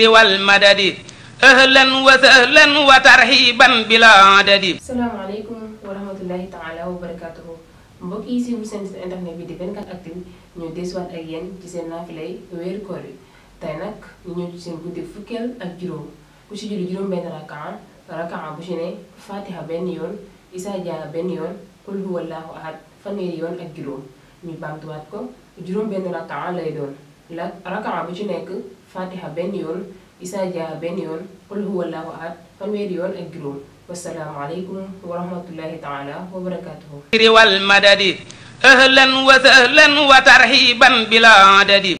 wal madadi ahlan wa sahlan wa tarhiban bila adadi salaamaaleykum wa rahmatullahi taala internet bi di 24actu ñu desuwaat ak yéen ci seen naafilay weeru koor yi tey nag ñu ñëw seen guddi fukkeel ak juróom ku si julli juróom benn rakaa rakaa bu ci ne fatiha benn yoon isaa benn yoon qul huwallahu ahad fanweeri yoon ak juróom ñu baamtuwaat ko juróom benn rakaa lay doon la rakaxa bu ci nekk fatiha benn yoon isaa jaa benn yoon qul huwa allahu ahad fanweeri yoon ak juróom wassalaamu aleykum wa rahmatullahi taala wa barakatuhu riwal madadi ahlan wa sahlan wa tarhiban bila adadi